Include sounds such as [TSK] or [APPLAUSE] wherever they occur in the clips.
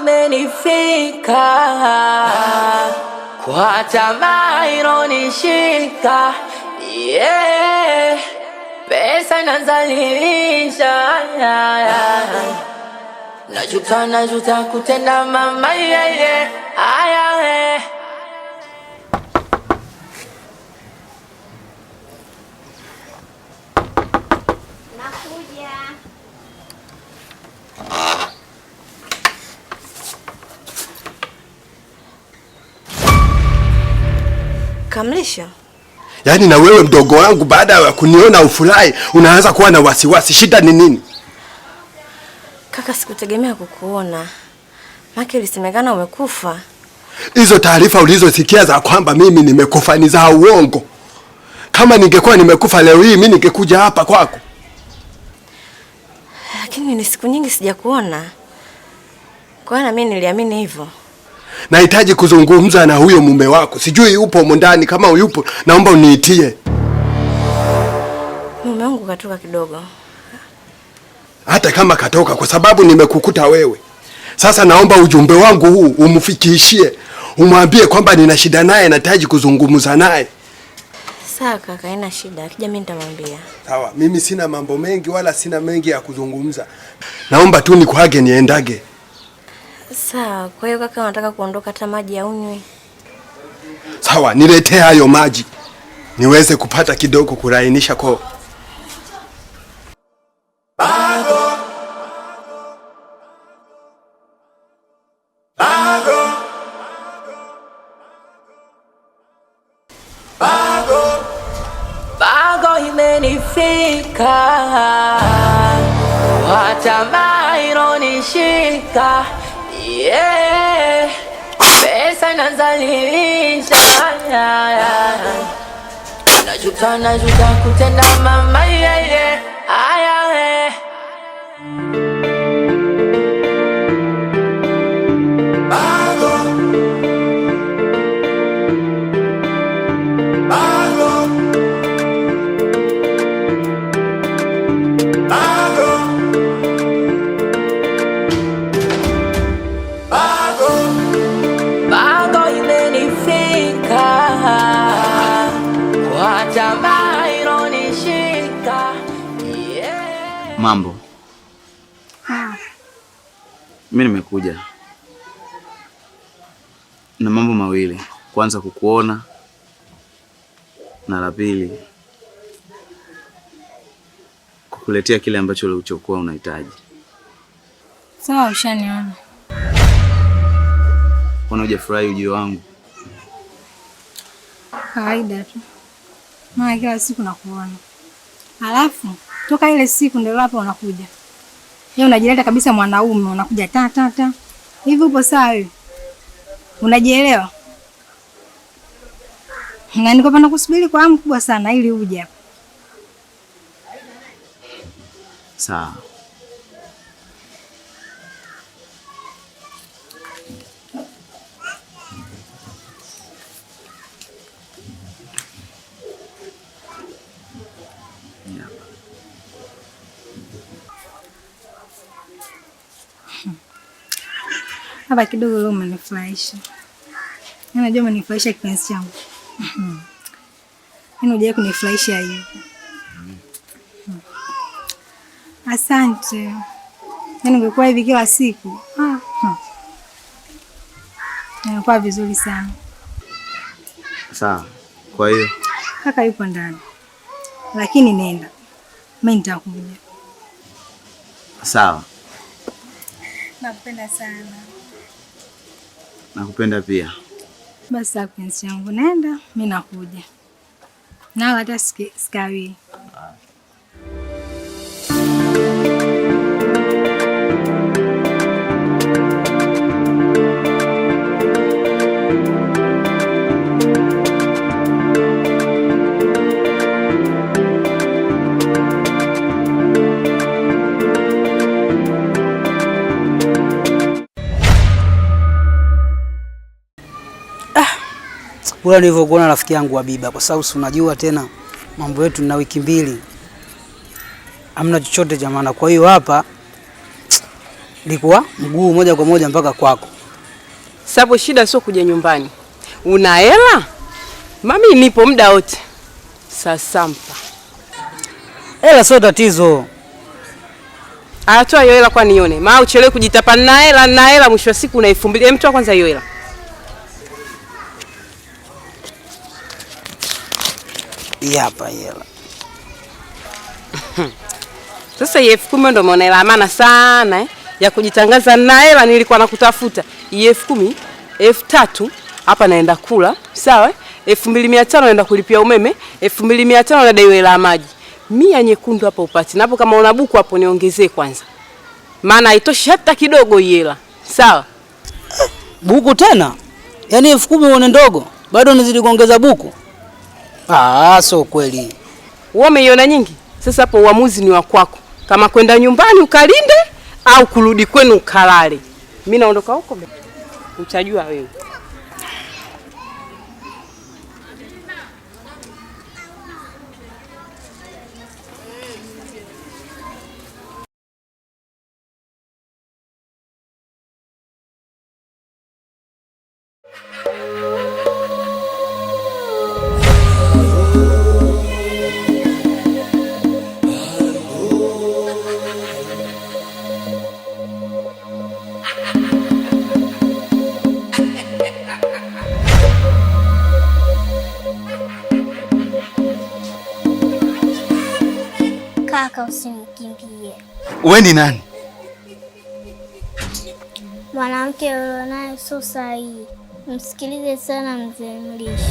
imenifika kwa tamaa ironishika, yeah. Pesa inazalilisha najuta najuta kutenda mama yeye, yeah, yeah. Kamlisha, yaani na wewe mdogo wangu, baada ya kuniona ufurahi unaanza kuwa na wasiwasi. Shida ni nini? Kaka, sikutegemea kukuona, maana ilisemekana umekufa. Hizo taarifa ulizosikia za kwamba mimi nimekufa ni za uongo. Kama ningekuwa nimekufa leo hii, mimi ningekuja hapa kwako, lakini ni siku nyingi sijakuona, kwa na mimi niliamini hivyo nahitaji kuzungumza na huyo mume wako, sijui upo humo ndani. Kama yupo, naomba uniitie. Mume wangu katoka kidogo. Hata kama katoka, kwa sababu nimekukuta wewe. Sasa naomba ujumbe wangu huu umfikishie, umwambie kwamba nina shida naye, nahitaji kuzungumza naye. Sawa kaka, haina shida. Akija mimi nitamwambia. Sawa, mimi sina mambo mengi wala sina mengi ya kuzungumza, naomba tu nikuage niendage. Sawa. Kwa hiyo kaka, unataka kuondoka, hata maji aunywe? Sawa, niletee hayo maji niweze kupata kidogo kurainisha koo. Imenifika watambairo nishika pesa inazalilisha yeah, yeah. Najuta najuta kutenda mama yeah, yeah. mimi nimekuja na mambo mawili, kwanza kukuona na la pili kukuletea kile ambacho ulichokuwa unahitaji. Sawa, ushaniona. Mbona hujafurahi ujio wangu? Kawaida tu, maana kila siku nakuona, alafu toka ile siku ndio hapo unakuja yeye yaani unajileta kabisa mwanaume, unakuja ta ta ta. Hivi upo sawa Unajielewa? Na niko pana kusubiri kwa hamu kubwa sana ili uje hapa. Sawa. Hapa kidogo leo umenifurahisha. Yaani najua umenifurahisha kipenzi changu. Mimi yaani hujawahi kunifurahisha hiyo. Mhm. Asante. Yaani ungekuwa hivi kila siku nakuwa ah. hmm. vizuri sana. Sawa. Kwa hiyo kaka yupo ndani, lakini nenda, mimi nitakuja. Sawa. Nakupenda sana. Nakupenda pia. Basi penzi yangu, nenda, mi nakuja, nala hata sikawii bora nilivyokuona rafiki yangu Habiba, kwa sababu unajua tena mambo yetu na wiki mbili hamna chochote jamani. Kwa hiyo hapa [TSK] nilikuwa mguu moja kwa moja mpaka kwako. Sababu shida sio kuja nyumbani, una hela mami, nipo muda wote. Sasampa hela sio tatizo, atoa hiyo hela kwa nione, maana uchelewe kujitapa na hela na hela, mwisho wa siku na unaifumbili. Mtoa kwanza hiyo hela. Hii hapa hela. [LAUGHS] Sasa hii elfu kumi ndio maana ila maana sana eh? ya kujitangaza na hela nilikuwa nakutafuta. Hii elfu kumi, elfu tatu hapa naenda kula, sawa? Eh? elfu mbili mia tano naenda kulipia umeme, elfu mbili mia tano nadaiwa hela maji. Mia nyekundu hapa upati. Napo kama una buku hapo niongezee kwanza. Maana haitoshi hata kidogo hii hela. Sawa? Buku tena? Yaani elfu kumi uone ndogo, bado nizidi kuongeza buku. Ah, sio kweli. Wewe umeiona nyingi. Sasa hapo uamuzi ni wa kwako, kama kwenda nyumbani ukalinde au kurudi kwenu ukalale. Mimi naondoka huko, utajua wewe. Kaka, usimkimbie. Wewe ni nani? Mwanamke ulionaye sio sahihi. Msikilize sana mzee Mlisho.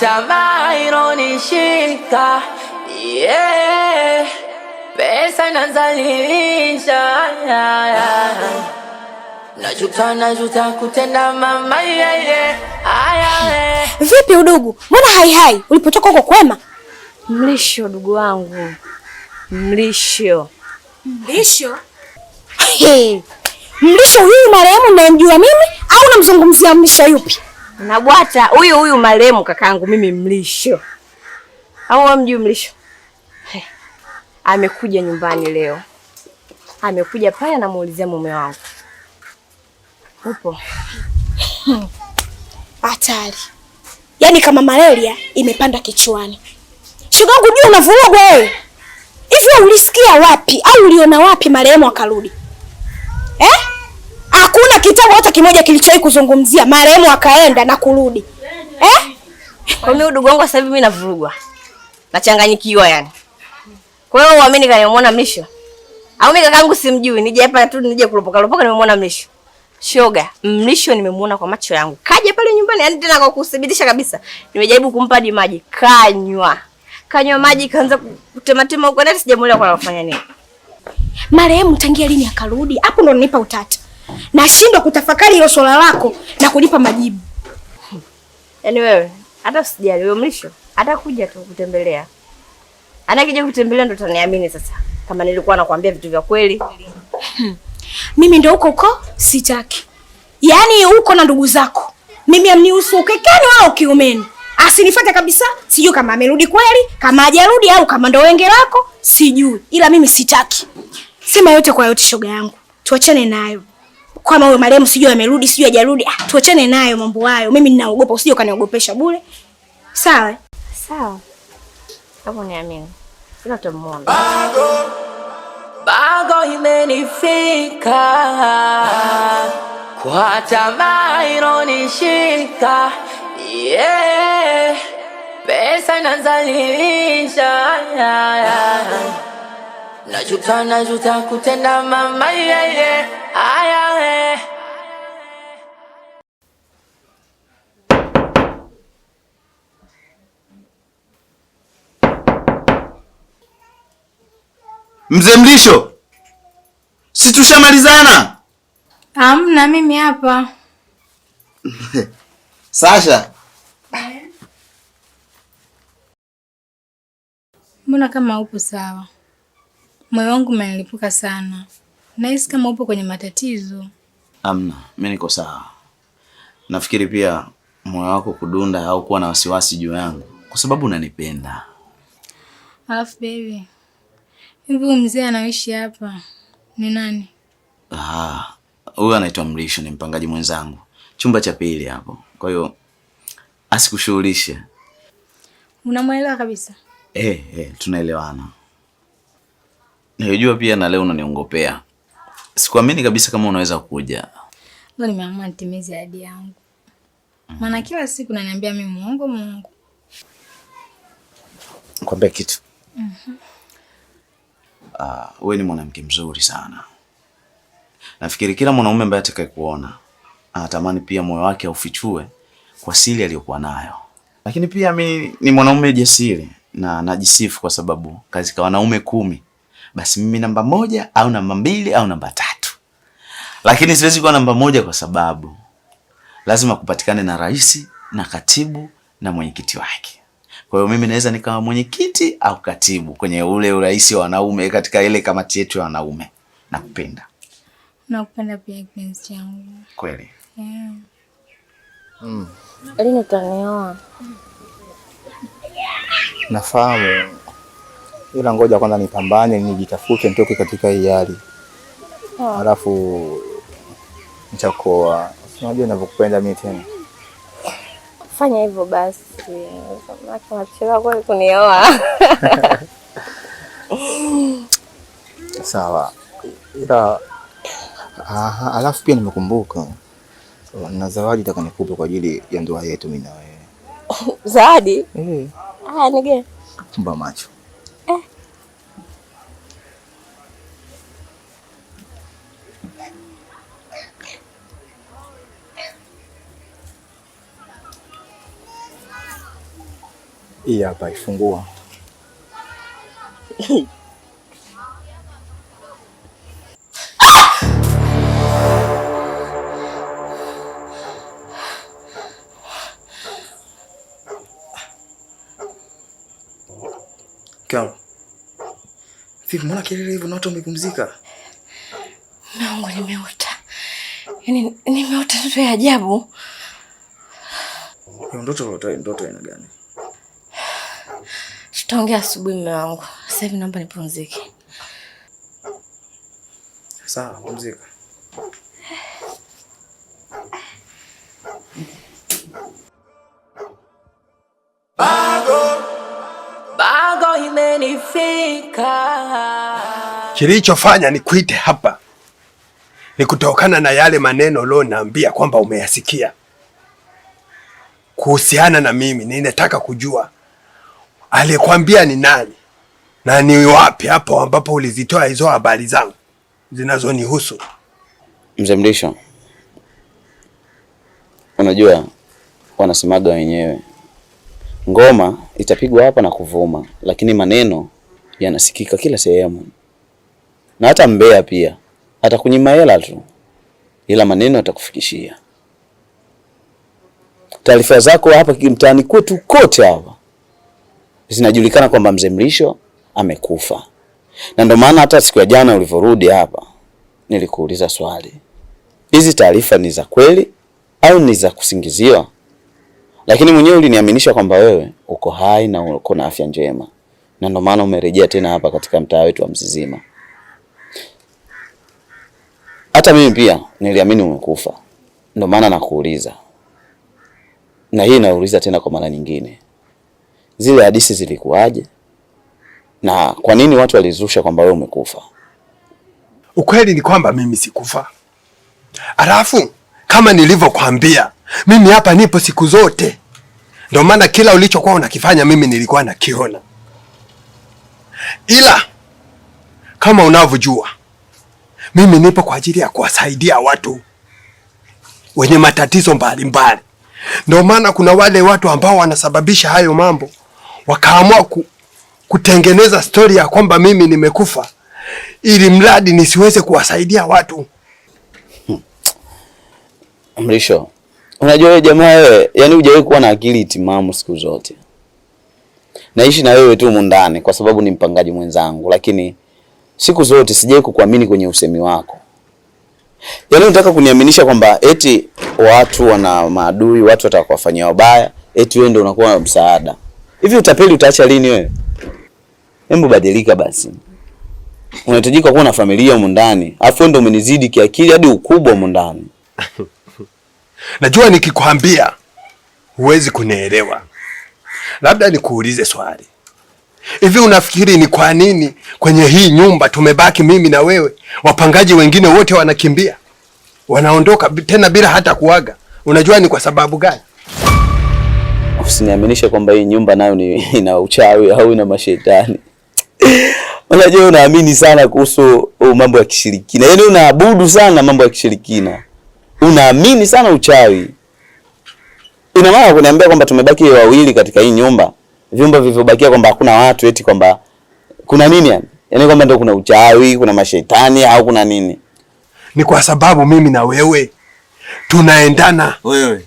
tamaa ironishika, yeah. Pesa inazalilisha yeah, yeah. Najuta, najuta kutenda mama yeah, yeah. vipi udugu, mbona hai ulipotoka huko kwema? Mlisho udugu wangu, mlisho mlisho hey. Mlisho huyu marehemu nayemjua mimi au namzungumzia mlisho yupi? Nabwata huyu huyu marehemu kakaangu mimi Mlisho, au amjui Mlisho? Hey, amekuja nyumbani leo, amekuja pale, anamuulizia mume wangu upo [CLEARS THROAT] hatari yaani kama malaria imepanda kichwani. Shoga yangu jua unavurugwa wewe. Hivi ulisikia wapi au uliona wapi marehemu akarudi eh? Hakuna kitabu hata kimoja kilichowahi kuzungumzia marehemu akaenda na kurudi eh? Kwa mimi udugu wangu sasa hivi mimi navurugwa, nachanganyikiwa yani. Kwa hiyo uamini kama nimemwona mlisho au mimi kakaangu simjui, nije hapa tu nije kulopoka lopoka, nimemwona mlisho. Shoga mlisho nimemwona kwa macho yangu, kaja pale nyumbani, yani tena kwa kudhibitisha kabisa. Nimejaribu kumpa hadi maji kanywa, kanywa maji, kaanza kutematema huko, nani sijamuelewa kwa anafanya nini. Marehemu tangia lini akarudi? Hapo ndo nipa utata nashindwa kutafakari hilo swala lako na kulipa majibu. Yaani wewe hata usijali, wewe mlisho atakuja tu kutembelea. Anakija kutembelea ndo utaniamini sasa kama nilikuwa nakwambia vitu vya kweli. Mimi ndo huko huko sitaki. Yaani huko na ndugu zako. Mimi amnihusu ukekeni wao kiumeni. Asinifuate kabisa, sijui kama amerudi kweli, kama hajarudi au kama ndo wenge lako, sijui. Ila mimi sitaki. Sema yote kwa yote, shoga yangu. Tuachane nayo kwamba huyo marehemu sijui amerudi sijui hajarudi. Ah, tuachane nayo mambo hayo, mimi ninaogopa, usije ukaniogopesha bure. Sawa sawa, hapo niamini, sina tumuona bago bago, imenifika kwa tamaa ironishika, yeah, pesa inazalilisha Najuta, najuta kutenda mama yeye. Aya we. Eh. Mzee Mlisho, si tushamalizana? Hamna, mimi hapa [LAUGHS] Sasha, mbona kama upo sawa? Moyo wangu umelipuka sana, nahisi kama upo kwenye matatizo. Amna, mi niko sawa. Nafikiri pia moyo wako kudunda au kuwa na wasiwasi juu yangu kwa sababu unanipenda. Alafu baby, hivi mzee anaishi hapa ni nani? Ah, huyu anaitwa Mrisho, ni mpangaji mwenzangu, chumba cha pili hapo. Kwa hiyo asikushughulishe. Unamwelewa kabisa? Eh, eh, tunaelewana. Nilijua pia na leo unaniongopea. Sikuamini kabisa kama unaweza kuja. Ndio nimeamua nitimize ahadi yangu. Maana mm -hmm. Kila siku naniambia mimi muongo Mungu. Nikwambie kitu. Mhm. Mm ah, wewe ni mwanamke mzuri sana. Nafikiri kila mwanaume ambaye atakayekuona anatamani pia moyo wake aufichue kwa siri aliyokuwa nayo. Lakini pia mimi ni mwanaume jasiri na najisifu kwa sababu kazi kwa wanaume kumi basi mimi namba moja au namba mbili au namba tatu, lakini siwezi kuwa namba moja kwa sababu lazima kupatikane na rais na katibu na mwenyekiti wake. Kwa hiyo mimi naweza nikawa mwenyekiti au katibu kwenye ule urais wa wanaume, katika ile kamati yetu ya wanaume. Nakupenda, nakupenda pia kipenzi changu kweli. Yeah. Mm. Lini utanioa? Nafahamu ila ngoja kwanza nipambane, nijitafute, nitoke katika hii hali oh. Alafu nitakoa. Unajua ninavyokupenda mimi tena. Fanya hivyo basi, unachelewa kweli kunioa. [LAUGHS] Sawa, ila aha, alafu pia nimekumbuka na zawadi taka nikupe kwa ajili ya ndoa yetu mimi na wewe. [LAUGHS] Zawadi? Eh. Ah, nige. Fumba macho Hii hapa ifungua. Vipi, mbona kelele hivyo na watu wamepumzika? Mungu, nimeota. Yaani nimeota ndoto ya ajabu. Ndoto ndoto ina gani? Tutaongea asubuhi, mume wangu. Sasa hivi naomba nipumzike. Sawa, pumzika. Bago, bago imenifika. Kilichofanya nikuite hapa ni kutokana na yale maneno leo naambia kwamba umeyasikia kuhusiana na mimi. Ninataka kujua alikwambia ni nani na ni wapi hapo ambapo ulizitoa hizo habari zangu zinazonihusu? Mzee Mrisho, unajua wanasemaga wenyewe, ngoma itapigwa hapa na kuvuma, lakini maneno yanasikika kila sehemu, na hata mbea pia atakunyima hela tu, ila maneno atakufikishia. Taarifa zako hapa mtaani kwetu kote hapa zinajulikana kwamba mzee Mrisho amekufa, na ndio maana hata siku ya jana ulivyorudi hapa nilikuuliza swali, hizi taarifa ni za kweli au ni za kusingiziwa? Lakini mwenyewe uliniaminisha kwamba wewe uko hai na uko na afya njema, na ndio maana umerejea tena hapa katika mtaa wetu wa Mzizima. Hata mimi pia niliamini umekufa, ndio maana nakuuliza, na hii nauliza tena kwa mara nyingine zile hadithi zilikuwaje na kwa nini watu walizusha kwamba wewe umekufa? Ukweli ni kwamba mimi sikufa. Alafu kama nilivyokwambia, mimi hapa nipo siku zote, ndio maana kila ulichokuwa unakifanya mimi nilikuwa nakiona, ila kama unavyojua mimi nipo kwa ajili ya kuwasaidia watu wenye matatizo mbalimbali. Ndio maana kuna wale watu ambao wanasababisha hayo mambo wakaamua ku, kutengeneza stori ya kwamba mimi nimekufa ili mradi nisiweze kuwasaidia watu. Hmm. Mrisho, unajua wewe jamaa wewe, yani hujawahi kuwa na akili timamu siku zote. Naishi na wewe tu ndani kwa sababu ni mpangaji mwenzangu, lakini siku zote sijawahi kukuamini kwenye usemi wako. Yaani unataka kuniaminisha kwamba eti watu wana maadui, watu watakuwafanyia wabaya, eti wewe ndio unakuwa msaada. Hivi utapeli utaacha lini wewe? Hebu badilika basi. Unahitajika kuwa na familia huko ndani. Afu ndio umenizidi kiakili hadi ukubwa huko ndani. [LAUGHS] Najua nikikwambia huwezi kunielewa. Labda nikuulize swali. Hivi unafikiri ni kwa nini kwenye hii nyumba tumebaki mimi na wewe? Wapangaji wengine wote wanakimbia. Wanaondoka tena bila hata kuaga. Unajua ni kwa sababu gani? usiniaminishe kwamba hii nyumba nayo ni [LAUGHS] ina uchawi au ina mashetani. [LAUGHS] Unajua, unaamini sana kuhusu uh, mambo ya kishirikina, yaani unaabudu sana mambo ya kishirikina, unaamini sana uchawi. Ina maana kuniambia kwamba tumebaki wawili katika hii nyumba, vyumba vilivyobakia, kwamba hakuna watu, eti kwamba kuna nini yani? Yaani kwamba ndio kuna uchawi, kuna mashetani au kuna nini? Ni kwa sababu mimi na wewe tunaendana. Wewe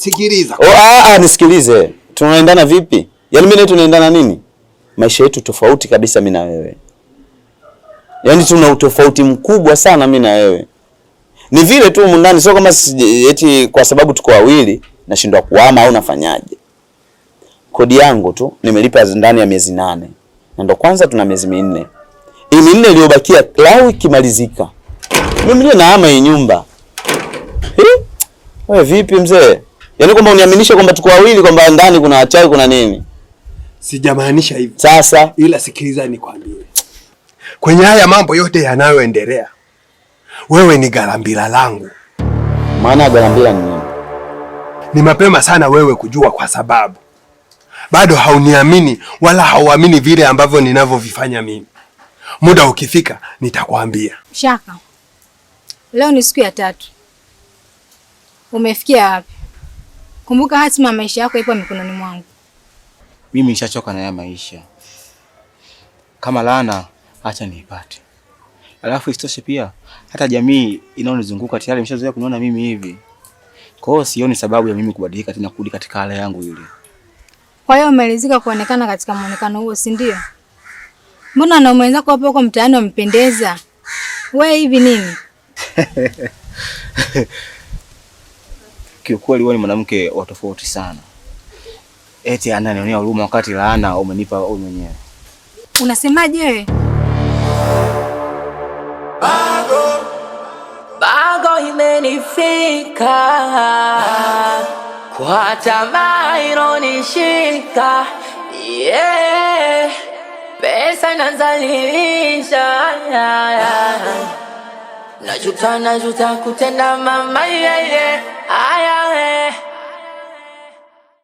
Sikiliza. Oh, ah, ah, nisikilize. Tunaendana vipi? Yaani mimi na tunaendana nini? Maisha yetu tofauti kabisa mimi na wewe. Yaani tuna utofauti mkubwa sana mimi na wewe. Ni vile tu mundani, sio kama eti kwa sababu tuko wawili nashindwa kuhama au nafanyaje. Kodi yangu tu nimelipa ndani ya miezi nane. Na ndo kwanza tuna miezi minne. Hii minne iliyobakia Clau ikimalizika. Mimi ndio naama hii nyumba. Wewe vipi mzee? Yaani kwamba uniaminishe kwamba tuko wawili kwamba ndani kuna wachawi kuna nini? Sijamaanisha hivyo. Sasa ila sikiliza nikwambie. Kwenye haya mambo yote yanayoendelea, wewe ni garambila langu. Maana galambira ni nini? Ni mapema sana wewe kujua kwa sababu bado hauniamini wala hauamini vile ambavyo ninavyovifanya mimi. Muda ukifika nitakwambia. Shaka. Leo ni siku ya tatu. Umefikia wapi? Kumbuka hatima ya maisha yako ipo mikononi mwangu. Mimi nishachoka na haya maisha, kama laana acha niipate. Alafu isitoshe pia hata jamii inayonizunguka tayari imeshazoea kuniona mimi hivi, kwa hiyo sioni sababu ya mimi kubadilika tena kurudi katika hali yangu ile. Kwa hiyo umeridhika kuonekana katika muonekano huo, si ndio? Mbona wanaume wenzako hapo huko mtaani wampendeza, wewe hivi nini? [LAUGHS] kiukweli wewe ni mwanamke wa tofauti sana. Eti ananionea huruma wakati laana umenipa wewe mwenyewe. Unasemaje wewe? Bago bago imenifika kwa tamaa ironishika yeah. Pesa inazalilisha najuta najuta kutenda mama yeye, yeah, yeah. Aya, hey. Eh.